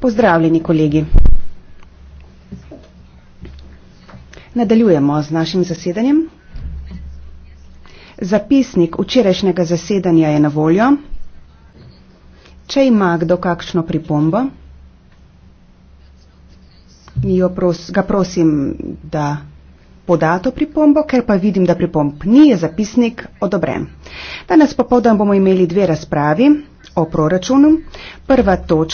pozdravljeni kolegi nadaljujemo z našim zasedanjem zapisnik včerajšnjega zasedanja je na voljo če ima kdo kakšno pripombo jo pros, ga prosim da poda to pripombo, ker pa vidim, da pripomb ni, je zapisnik odobren. Danes popovdan bomo imeli dve razpravi o proračunu. Prva točka.